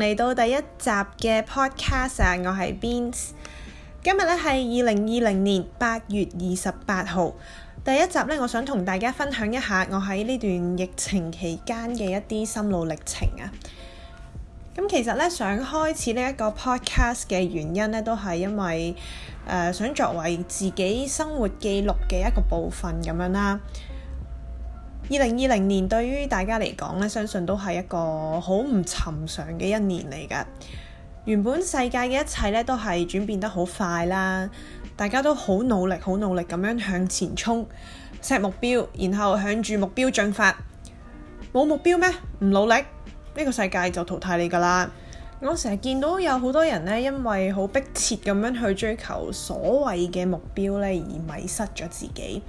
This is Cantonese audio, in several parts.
嚟到第一集嘅 podcast 啊，我係 Vince。今日咧係二零二零年八月二十八號。第一集咧，我想同大家分享一下我喺呢段疫情期間嘅一啲心路歷程啊。咁其實咧，想開始呢一個 podcast 嘅原因咧，都係因為誒、呃、想作為自己生活記錄嘅一個部分咁樣啦。二零二零年對於大家嚟講咧，相信都係一個好唔尋常嘅一年嚟㗎。原本世界嘅一切咧都係轉變得好快啦，大家都好努力、好努力咁樣向前衝，set 目標，然後向住目標進發。冇目標咩？唔努力，呢個世界就淘汰你㗎啦。我成日見到有好多人咧，因為好迫切咁樣去追求所謂嘅目標咧，而迷失咗自己。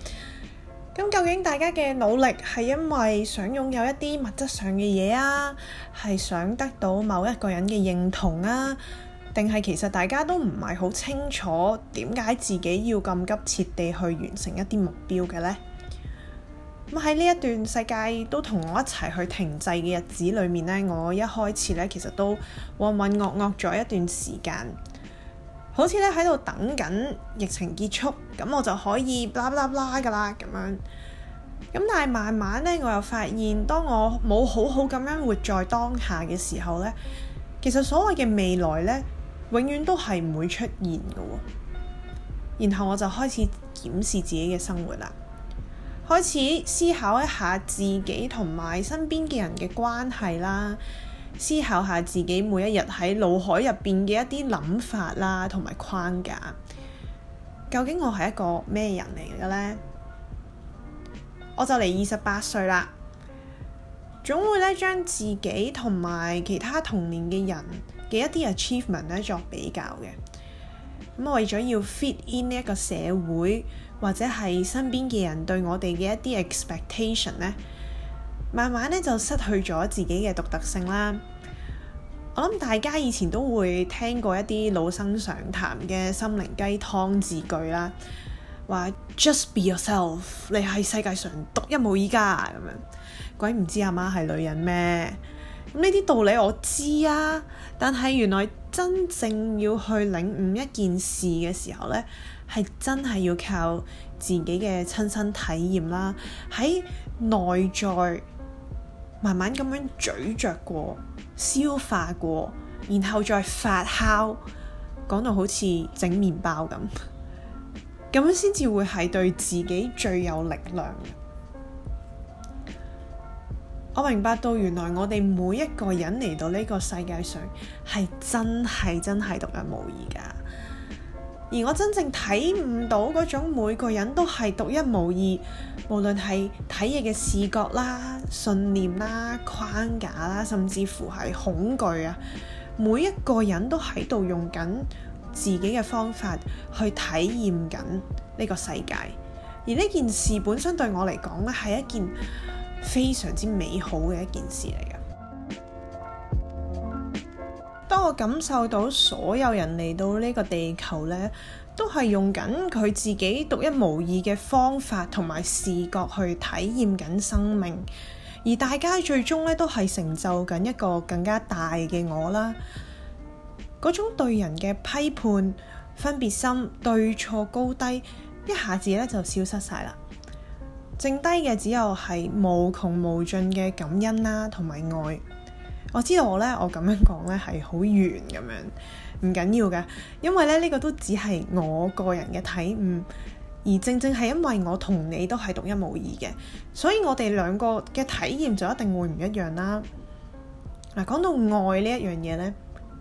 咁究竟大家嘅努力係因為想擁有一啲物質上嘅嘢啊，係想得到某一個人嘅認同啊，定係其實大家都唔係好清楚點解自己要咁急切地去完成一啲目標嘅呢？咁喺呢一段世界都同我一齊去停滯嘅日子裏面，呢我一開始呢，其實都渾渾噩噩咗一段時間。好似咧喺度等緊疫情結束，咁我就可以啦啦啦㗎啦咁樣。咁但係慢慢呢，我又發現，當我冇好好咁樣活在當下嘅時候呢，其實所謂嘅未來呢，永遠都係唔會出現嘅。然後我就開始檢視自己嘅生活啦，開始思考一下自己同埋身邊嘅人嘅關係啦。思考下自己每一日喺腦海入邊嘅一啲諗法啦，同埋框架，究竟我係一個咩人嚟嘅咧？我就嚟二十八歲啦，總會咧將自己同埋其他同年嘅人嘅一啲 achievement 咧作比較嘅。咁為咗要 fit in 呢一個社會，或者係身邊嘅人對我哋嘅一啲 expectation 咧。慢慢咧就失去咗自己嘅獨特性啦。我諗大家以前都會聽過一啲老生常談嘅心靈雞湯字句啦，話 Just be yourself，你係世界上獨一無二咁樣。鬼唔知阿媽係女人咩？呢啲道理我知啊，但係原來真正要去領悟一件事嘅時候呢，係真係要靠自己嘅親身體驗啦，喺內在。慢慢咁樣咀嚼過、消化過，然後再發酵，講到好似整麵包咁，咁 樣先至會係對自己最有力量。我明白到，原來我哋每一個人嚟到呢個世界上，係真係真係獨一無二㗎。而我真正睇唔到嗰種每個人都係獨一無二，無論係睇嘢嘅視覺啦、信念啦、框架啦，甚至乎係恐懼啊。每一個人都喺度用緊自己嘅方法去體驗緊呢個世界。而呢件事本身對我嚟講咧，係一件非常之美好嘅一件事嚟。我感受到所有人嚟到呢個地球咧，都係用緊佢自己獨一無二嘅方法同埋視覺去體驗緊生命，而大家最終咧都係成就緊一個更加大嘅我啦。嗰種對人嘅批判、分別心、對錯高低，一下子咧就消失晒啦。剩低嘅只有係無窮無盡嘅感恩啦，同埋愛。我知道我咧，我咁樣講咧係好圓咁樣，唔緊要噶因為咧呢、呢個都只係我個人嘅體悟，而正正係因為我同你都係獨一無二嘅，所以我哋兩個嘅體驗就一定會唔一樣啦。嗱，講到愛呢一樣嘢咧，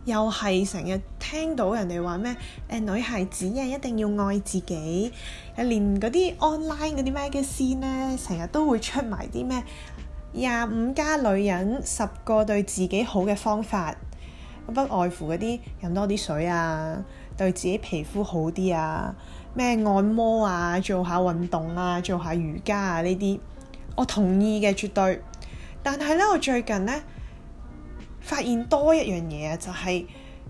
又係成日聽到人哋話咩？誒、呃，女孩子啊，一定要愛自己，誒，連嗰啲 online 嗰啲咩嘅先 a 咧，成日都會出埋啲咩？廿五加女人十個對自己好嘅方法，不外乎嗰啲飲多啲水啊，對自己皮膚好啲啊，咩按摩啊，做下運動啊，做下瑜伽啊呢啲，我同意嘅，絕對。但係咧，我最近呢發現多一樣嘢啊，就係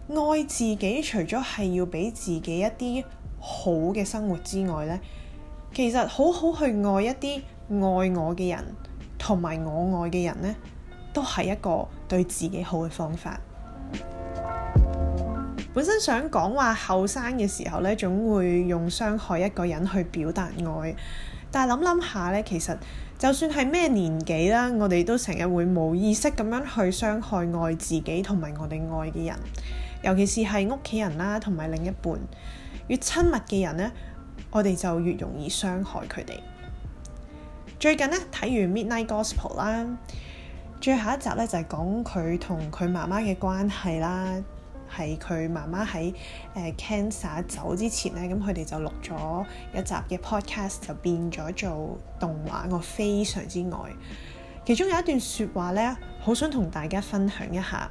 愛自己。除咗係要俾自己一啲好嘅生活之外呢，其實好好去愛一啲愛我嘅人。同埋我愛嘅人呢，都係一個對自己好嘅方法。本身想講話後生嘅時候呢，總會用傷害一個人去表達愛。但係諗諗下呢，其實就算係咩年紀啦，我哋都成日會冇意識咁樣去傷害愛自己同埋我哋愛嘅人。尤其是係屋企人啦，同埋另一半越親密嘅人呢，我哋就越容易傷害佢哋。最近咧睇完 Midnight Gospel 啦，最後一集咧就係講佢同佢媽媽嘅關係啦，係佢媽媽喺誒 cancer 走之前咧，咁佢哋就錄咗一集嘅 podcast，就變咗做動畫，我非常之愛。其中有一段說話咧，好想同大家分享一下。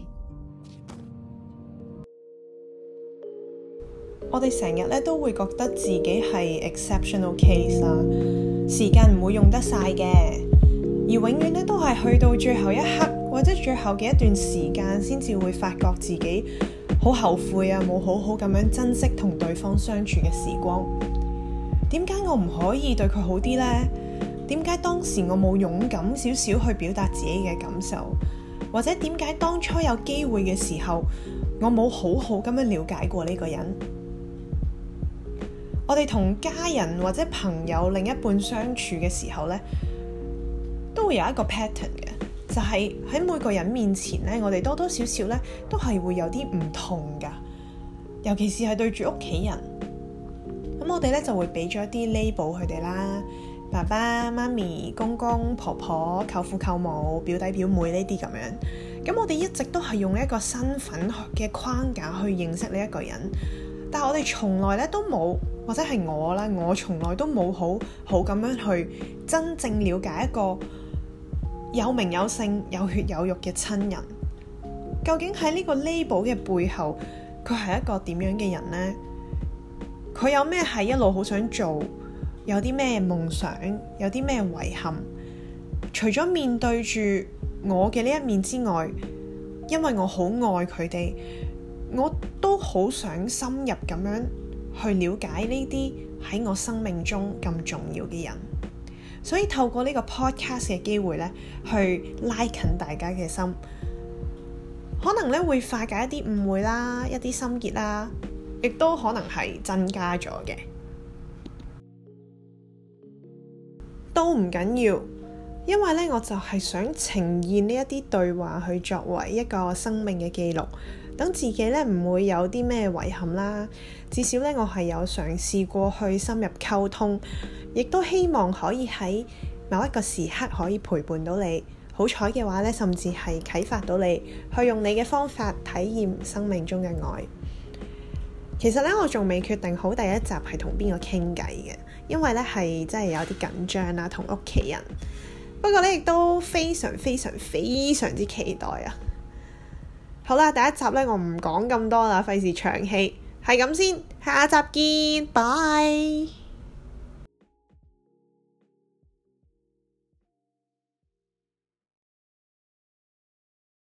我哋成日咧都會覺得自己係 exceptional case 啦，時間唔會用得晒嘅，而永遠咧都係去到最後一刻或者最後嘅一段時間，先至會發覺自己好後悔啊，冇好好咁樣珍惜同對方相處嘅時光。點解我唔可以對佢好啲呢？點解當時我冇勇敢少少去表達自己嘅感受？或者點解當初有機會嘅時候，我冇好好咁樣了解過呢個人？我哋同家人或者朋友、另一半相處嘅時候呢，都會有一個 pattern 嘅，就係喺每個人面前呢，我哋多多少少呢都係會有啲唔同噶，尤其是係對住屋企人，咁我哋呢就會俾咗一啲 label 佢哋啦，爸爸、媽咪、公公、婆婆、舅父、舅母、表弟、表妹呢啲咁樣，咁我哋一直都係用一個身份嘅框架去認識呢一個人。但係我哋從來咧都冇，或者係我啦，我從來都冇好好咁樣去真正了解一個有名有姓、有血有肉嘅親人，究竟喺呢個 label 嘅背後，佢係一個點樣嘅人呢？佢有咩係一路好想做？有啲咩夢想？有啲咩遺憾？除咗面對住我嘅呢一面之外，因為我好愛佢哋。我都好想深入咁樣去了解呢啲喺我生命中咁重要嘅人，所以透過呢個 podcast 嘅機會咧，去拉近大家嘅心，可能咧會化解一啲誤會啦，一啲心結啦，亦都可能係增加咗嘅，都唔緊要，因為咧我就係想呈現呢一啲對話去作為一個生命嘅記錄。等自己咧唔會有啲咩遺憾啦，至少咧我係有嘗試過去深入溝通，亦都希望可以喺某一個時刻可以陪伴到你。好彩嘅話咧，甚至係啟發到你去用你嘅方法體驗生命中嘅愛。其實咧，我仲未決定好第一集係同邊個傾偈嘅，因為咧係真係有啲緊張啦，同屋企人。不過咧，亦都非常非常非常之期待啊！好啦，第一集咧，我唔講咁多啦，費事長氣，係咁先，下一集見，拜。